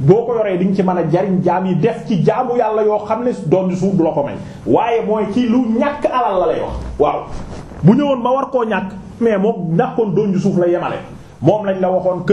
boo ko yoree di nga ci mën a jariñ jaam yi def ci jaamu yàlla yoo xam ne doon suuf du la ko may waaye mooy ci lu ñàkk alal la lay wax waaw bu ñëwoon ma war koo ñàkk mais moom ñàkkoon doon suuf la yemale moom lañ la waxoon que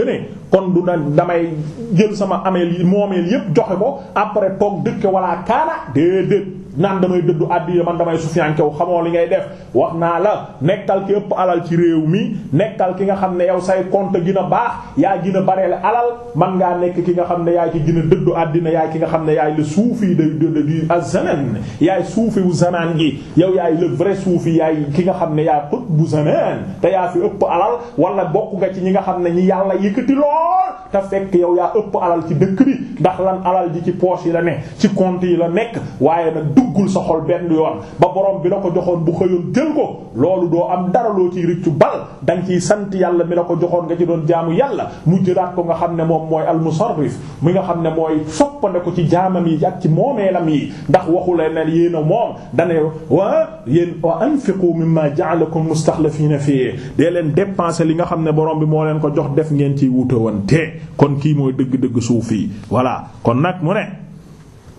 kon du na damay jël sama ameel yi moomeel yépp joxe ko après toog dëkk wala kaana déedéet naan damay dëddu àddiya man damay sufiyankew xamoo li ngay def wax naa la nekkal ki ëpp alal ci réew mi nekkal ki nga xam ne yow say compte gën a yaa gën a bareele alal man ngaa nekk ki nga xam ne yaay ci gën dëddu àddina yaay ki nga xam ne yaay le suufi de de du azaman yaay suufi wu zamaan gi yow yaay le vrai suufi yaay ki nga xam ne yaay xut bu zamaan te yaa fi ëpp alal walla bokk nga ci ñi nga xam ne ñi yàlla yëkkati lool te fekk yow yaa ëpp alal ci dëkk bi ndax lan alal ji ci poche yi la ne ci compte yi la nekk waaye nag duggul sa xol benn yoon ba borom bi la ko joxoon bu xëyoon jël ko loolu doo am dara loo ciy rëccu bal da nga ciy sant yàlla mi la ko joxoon nga ci doon jaamu yàlla mu jëlaat ko nga xam ne moom mooy almusarrif mi nga xam ne mooy soppane ko ci jaamam yi ak ci moomeelam yi ndax waxu leen ne yéen a moom dane wa yéen wa anfiqu mimma ja'alakum mustaxlafiina fii dee leen dépenser li nga xam ne borom bi moo leen ko jox def ngeen ciy wutawante kon kii mooy dëgg-dëgg suufi voilà kon nag mu ne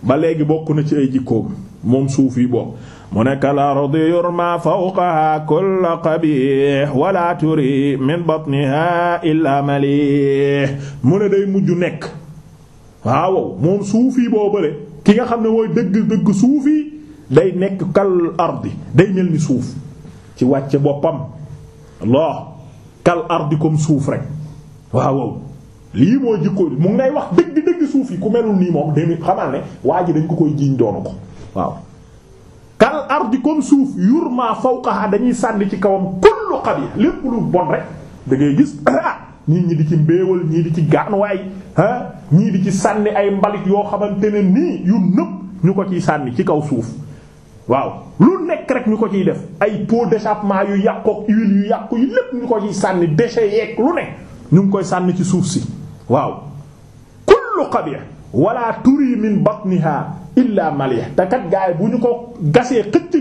ba léegi bokk na ci ay jikkoom moom suufi boobu mu nekk al ardi yurma fawqaha kull qabih wala turi min batniha illa ne day mujj nekk waaw moom suufi boobale ki nga xam ne mooy dëgg dëgg suuf suufi day nekk kal ardi day mel ni suuf ci wàcce boppam Allah kal ardi comme suuf rek waaw lii mooy jikko mu ngay wax dëgg dëgg suuf yi ku melul nii moom demi xamal ne waa ji dañ ko koy jiiñ doonu ko waaw kal ardi comme suuf yurma fawqaha dañuy sànni ci kawam kullu qabih lépp lu bon rek da ngay gis ah, nit ñi di ci mbéewal ñii di ci gaanuwaay ah ñii di ci sànni ay mbalit yoo xamante ne nii yu nëpp ñu ko ciy sànni ci kaw suuf waaw lu nekk rek ñu ko ciy def ay pots d'échappement yu yàqook huile yu yàqu yu lépp ñu ko ciy sànni déchets yeeg lu ne ñu ngi koy sànni ci suuf si waaw kullu qabih wala turi min batniha illaa malih te kat gaay bu ñu ko gasee xëcc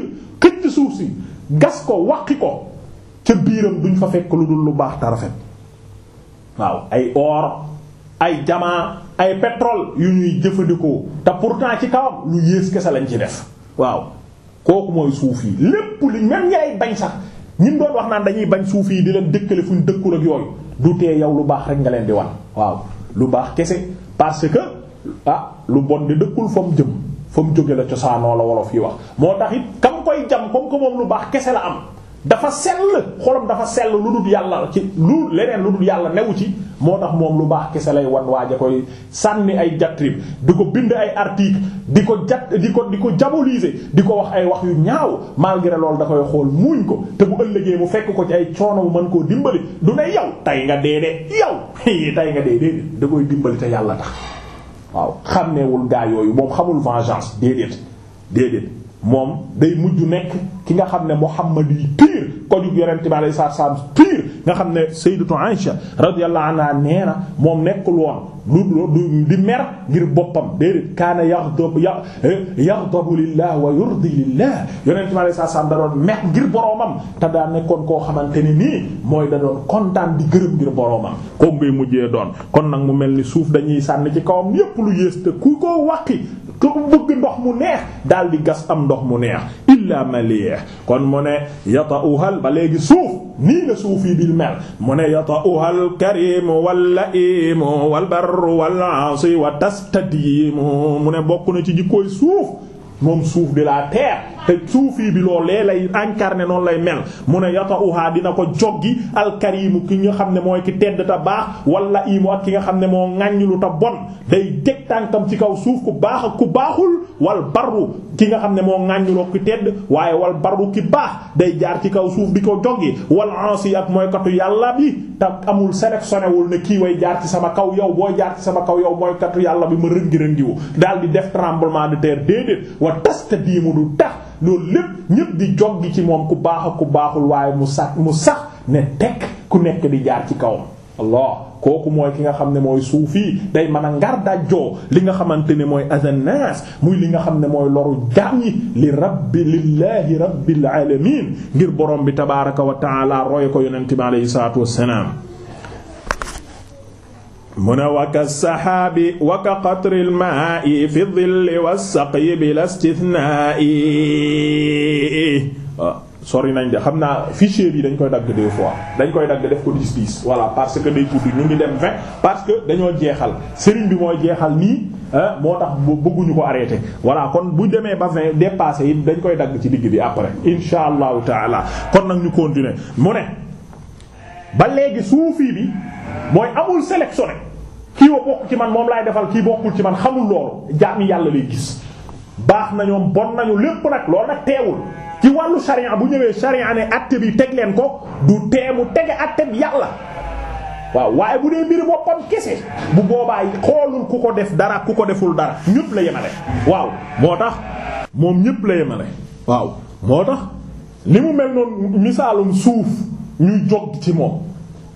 xëcc suuf si gas ko waqi ko ca biiram duñ fa fekk lu dul lu baax ta rafet waaw ay or ay jamaa ay pétrole yu ñuy jëfandikoo te pourtant ci kawam ñu yées kese lañ ci def waaw kooku mooy suuf yi lépp li ñan ay bañ sax ñin doon wax naan dañuy bañ suuf yi di leen dëkkale fu ñu dëkkul ak yooyu du tee yow lu baax rek nga leen di wan waaw lu baax kese parce que ah lu bon di dëkkul fa jëm fa jóge la cosaanoo la wolof yi wax moo tax it kam koy jam comme que moom lu baax kese la am dafa sell xolam dafa sell lu dul yàlla ci lu leneen lu dul yàlla newu ci moo tax moom lu baax kese lay wan waaja koy sànni ay jatrib di ko bind ay article di ko jat di ko di ko diaboliser di ko wax ay wax yu ñaaw malgré loolu da koy xool muuñ ko te bu ëllëgee mu fekk ko ci ay coono bu mën koo dimbali du ne yow tey nga dee de yow tey nga dee de da koy dimbali te yàlla waaw xàmmeewul gaa yooyu moom xamul vengeance déedéet déedéet moom day mujj nekk ki nga xam ne Muhammad yi tiir ko jug yonent bi alayhi salaatu salaam tiir nga xam ne sayyidatu Aisha radiyallahu anha nee na moom nekkul woon lu di mer ngir boppam déedéet kaana yaghdabu eh, yaghdabu lillah wa yurdi lillah yonent bi alayhi salaatu salaam da doon mer ngir boroomam te daa nekkoon koo xamante ni nii mooy da doon kontaan di gërëm ngir boroomam koo ngay mujjee doon kon nag mu mel ni suuf dañuy sànni ci kawam yépp lu yées te ku bëgg ndox mu neex daal di gas am ndox mu neex illa malih kon mu ne yata'uhal ba léegi suuf nii la suuf yi bil mel mu ne yata'uhal karimu wala imu wal barru wal asi wa tastadimu mu ne bokk na ci jikkooy suuf moom suuf de laa terre te suufi bi loolee lay incarné noonu lay mel mu ne yata uhaa dina ko joggi alkarimu ki nga xam ne mooy ki tedd ta baax wala imu ak ki nga xam ne moo ŋàññilu ta bon day teg tànkam ci kaw suuf ku baax ak ku baaxul wal barru ki nga xam ne moo ŋàññiloo ki tedd waaye wal barru ki baax day jaar ci kaw suuf di ko joggi wal ansi ak mooy yàlla bi te amul sélectionné wul ne kii way jaar ci sama kaw yow boo jaar ci sama kaw yow mooy katu yàlla bi ma rëngi-rëngiwu daal di def tremblement de terre déedéet wa tasta diimu du tax loolu lépp ñépp di jog ci moom ku baax ak ku baaxul waaye mu sax mu sax ne teg ku nekk di jaar ci kaw allah kooku mooy ki nga xam ne mooy suufi day mën a ngar dajjoo li nga xamante ne mooy azannas muy li nga xam ne mooy loru jaam yi li rabbi lillahi rabbil alamin ngir borom bi tabaraka wa taala roy ko yonente bi alayhi salatu wassalam mu ne waka saxaabi waka qatril maa i fi dilli wasaqyi bi la stithnaa i ah, sori nañ de xam naa fichier yi dañ koy dagg deux fois dañ koy dagg def ko dix dix voilà parce que day gudd ñu ngi dem vingt parce que dañoo jeexal sëriñ bi mooy jeexal nii ah, moo tax bëgguñu ko arrêté voilà kon bu demee ba vingt dépassé yi dañ koy dagg ci digg bi après insha allahu taala kon nag ñu continuer mu ne ba léegi suufi bi mooy amul sélectionné kii wa bokk ci man moom laay defal kii bokkul ci man xamul loolu jaami yàlla lay gis baax na ñoom bon nañu lépp nag loolu nag teewul ci wàllu sharia bu ñëwee sharia ne àtte bi teg leen ko du teemu tege àtte bi yàlla waaw waaye bu dee mbiri boppam kese bu boobaa xoolul ku ko def dara ku ko deful dara ñëpp la yemale waaw moo tax moom ñëpp la yemale waaw moo tax li mu mel noonu misaalum suuf ñuy jog ci moom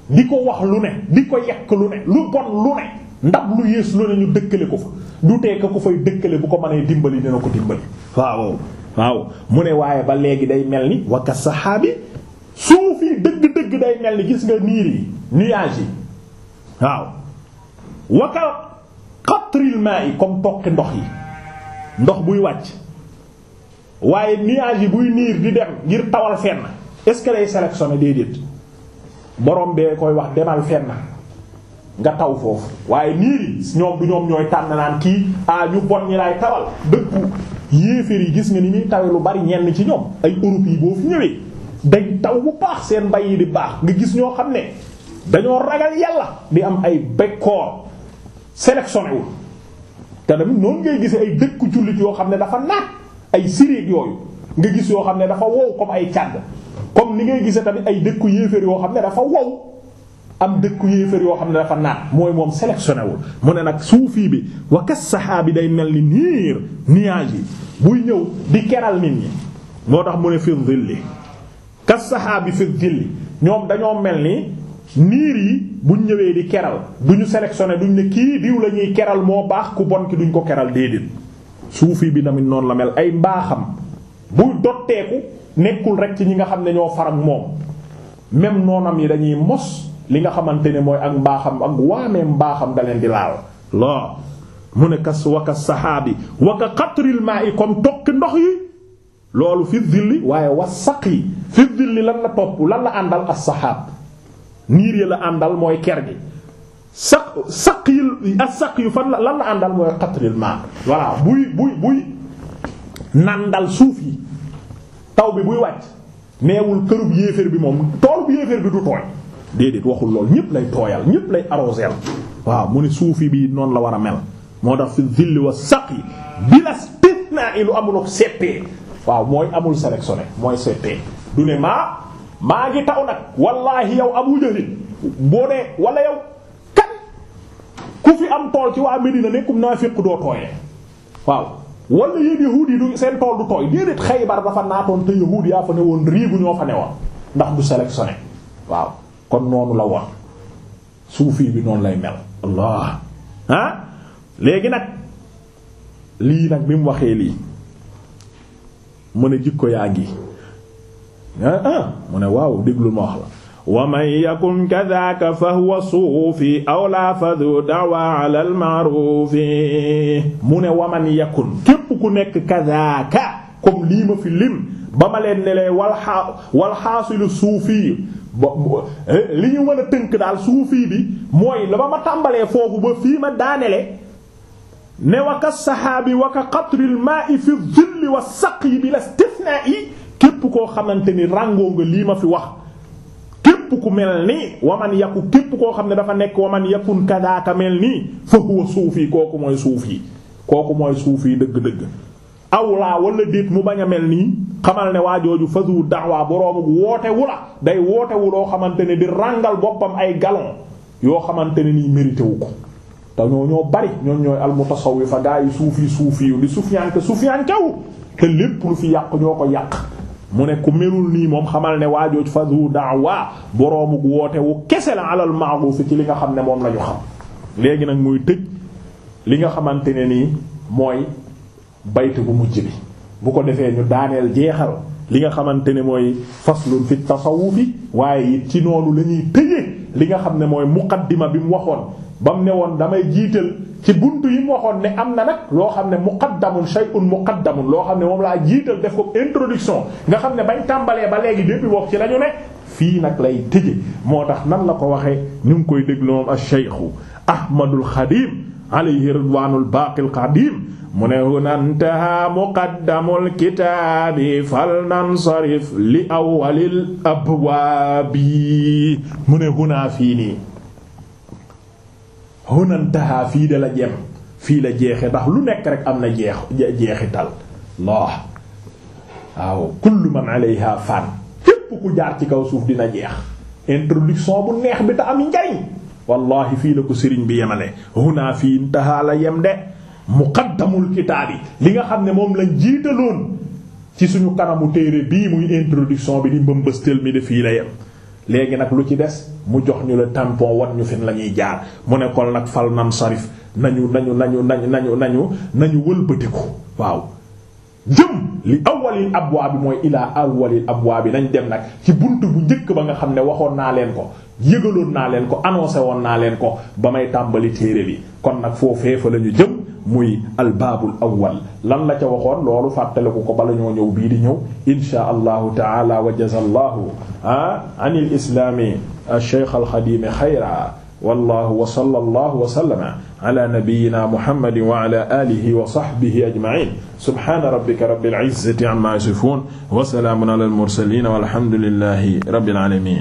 di ko wax lu ne di ko yekk lu ne lu bon lu ne ndab lu yées lu ne ñu dëkkale ko fa du tee ko fay dëkkale bu ko mënee dimbali dina ko dimbali waaw waaw mu ne waaye ba léegi day mel ni wakka saxaabi suuf yi dëgg-dëgg day mel ni gis nga niir yi nuage yi waaw wakka qatril yi comme toqi ndox yi ndox buy wàcc waaye nuage yi buy niir di dem ngir tawal fenn est-ce que lay sélectionné déedéet boroom bee koy wax demal fenn nga taw foofu waaye niiri ñoom du ñoom ñooy tànn naan kii ñu bon ñi lay tawal dëkku yéeféer yi gis nga ni muy tawe lu bari ñenn ci ñoom ay Europe yi boo fi ñëwee dañ taw bu baax seen mbay yi di baax nga gis ñoo xam ne dañoo ragal yàlla bi am ay bekkoor sélectionné wul te tamit noonu ngay gisee ay dëkku jullit yoo xam ne dafa naat ay Syrie yooyu nga gis yoo xam ne dafa wow comme ay Tchad comme ni ngay gisee tamit ay dëkku yéeféer yoo xam ne dafa wow am dëkku yéeféer yoo xam ne dafa naat mooy moom sélectionné wul mu ne nag suufii bi wakas saxaa bi day mel ni niir nuage yi buy ñëw di keral nit ñi moo tax mu ne fi dilli kas saxaa bi fi dilli ñoom dañoo mel ni niir yi buñ ñëwee di keral duñu sélectionné duñ ne kii diw lañuy keral moo baax ku bon ki duñ ko keral déedéet suufi bi tamit noonu la mel ay mbaaxam buy dotteeku nekkul rek ci ñi nga xam ne ñoo faram moom même noonam yi dañuy mos li nga xamante ne mooy ak mbaaxam ak waamee mbaaxam da leen di laal la mu ne kas waka saxaabi waka xatril maa i comme tokki ndox yi loolu fi dilli waaye wasaq yi fi dilli lan la topp lan la àndal as saxaab niir ya la àndal mooy ker gi saq saq yu fan lan la àndal mooy xatril maa voilà buy buy buy nandal suuf yi taw bi buy wàcc neewul kërub yéeféer bi moom toolub yéeféer bi du tooy déedéet waxul lool ñépp lay tooyal ñépp lay arroser waaw mu ni suufi bii noonu la war a mel moo tax fi zilli wa saqi bila istithna'i lu amulok seppee waaw mooy amul sélectionné mooy seppee du ne maa maa ngi taw nag wallaahi yow abu jëlin boo ne wala yow kan ku fi am tool ci waa Medina nekkum naa féq doo tooyee waaw wala yéen yahuud yi du seen tool du tooy déedéet Xaybar dafa naatoon te yahuud yaa fa ne woon riigu ñoo fa ne woon ndax du sélectionné waaw kon noonu la woon suufi bi noonu lay mel allah ah léegi nag lii nag bi mu waxee lii mu ne jikko yaa ngi ah, ah mu ne waaw déglul ma wax la wa man yakun kadaka fa huwa suufi aw laa fa du dawa ala al maaruufi mu ne wa man yakun képp ku nekk kadaka comme lii ma fi lim ba ma leen ne leen wal xaa wal xaasilu suufi ba eh, li ñu mën a tënk daal suufi bi mooy la ba ma tàmbalee foofu ba fii ma daanele ne wa ka saxaabi wa ka qatril maa'i fi dhilli wa saqyi bila istifnaa'i képp koo xamante ni ràngoo nga lii ma fi wax képp ku mel nii waman yàqu képp koo xam ne dafa nekk waman yàqun kadaaka mel nii fa huwa suufi kooku mooy suuf yi kooku mooy suufi dëgg-dëgg awlaa wala déet mu bañ a mel nii xamal ne waa jooju fasu da'wa boroomuk wootewu la day wootewu loo xamante ne di ràngal boppam ay galon yoo xamante ne nii mérité wu ko te ñoo ñoo bari ñoo ñooy almutasawwifa gaa yi suufi suufi yu di sufyanke sufyankewu te lépp lu fi yàq ñoo ko yàq mu ne ku melul nii moom xamal ne waajooj daa waa boroomu woote wu kese la alal ma'ruf ci li nga xam ne moom la ñu xam léegi nag muy tëj li nga xamante ne nii mooy baytu bu mujj bi bu ko defee ñu daaneel jeexal li nga xamante ne mooy faslun fi tasawufi waaye it ci noonu la ñuy li nga xam ne mooy muqaddima bi mu waxoon ba mu ne woon damay jiital ci buntu yi mu waxoon ne am na nag loo xam ne muqaddamun shay'un muqaddamun loo xam ne moom laa jiital def ko introduction nga xam ne bañ tàmbalee ba léegi depuis boobu ci la ne fii nag lay tëje moo tax nan la ko waxee ñu ngi koy déglu moom ash-shaykhu ahmadul xadim alayhi ridwaanul baaqil qadiim mu ne huna intaha muqaddamul kitaabi fal nansarif li awwalil abwaabi mu ne huna fii nii hunantaha fii de la jeem fii la jeexe ndax lu nekk rek am na jeex jeexital laa waaw kullu man alayha fan képp ku jaar ci kaw suuf dina jeex introduction bu neex bi ta am njariñ wallahi fii la ko sëriñ bi yemale huna fii intaha la yem de muqaddamul kitaabi li nga xam ne moom lañ jiitaloon ci suñu kanamu téere bii muy introduction bi di mbëmbëstal mi de fii la yem léegi nag lu ci des mu jox ñu la tampon wat ñu fin la ñuy jaar mu ne kon nag fal nam sarif nañu nañu nañu nañu nañu nañu nañu wëlbatiku waaw jëm li awwalil abwaab bi mooy ilaa awwalil waa bi nañ dem nag ci bunt bu njëkk ba nga xam ne waxoon naa leen ko yëgaloon naa leen ko annoncé woon naa leen ko ba may tàmbali téere bi kon nag foofee fa la ñu jëm muy albaabul awwal lan la ca waxoon loolu fàttaliku ko bala ñoo ñëw bii di ñëw inshaa allahu taala wa jazallahu ah an il islaami ash-shaykh al-xadiim xayra wallahu wa sallallahu wa sallama ala nabiyyina muhammadin wa ala alihi wa sahbihi ajma'in subhana rabbika rabbil izzati amma yasifun wa salamun ala al-mursalin walhamdulillahi rabbil alamin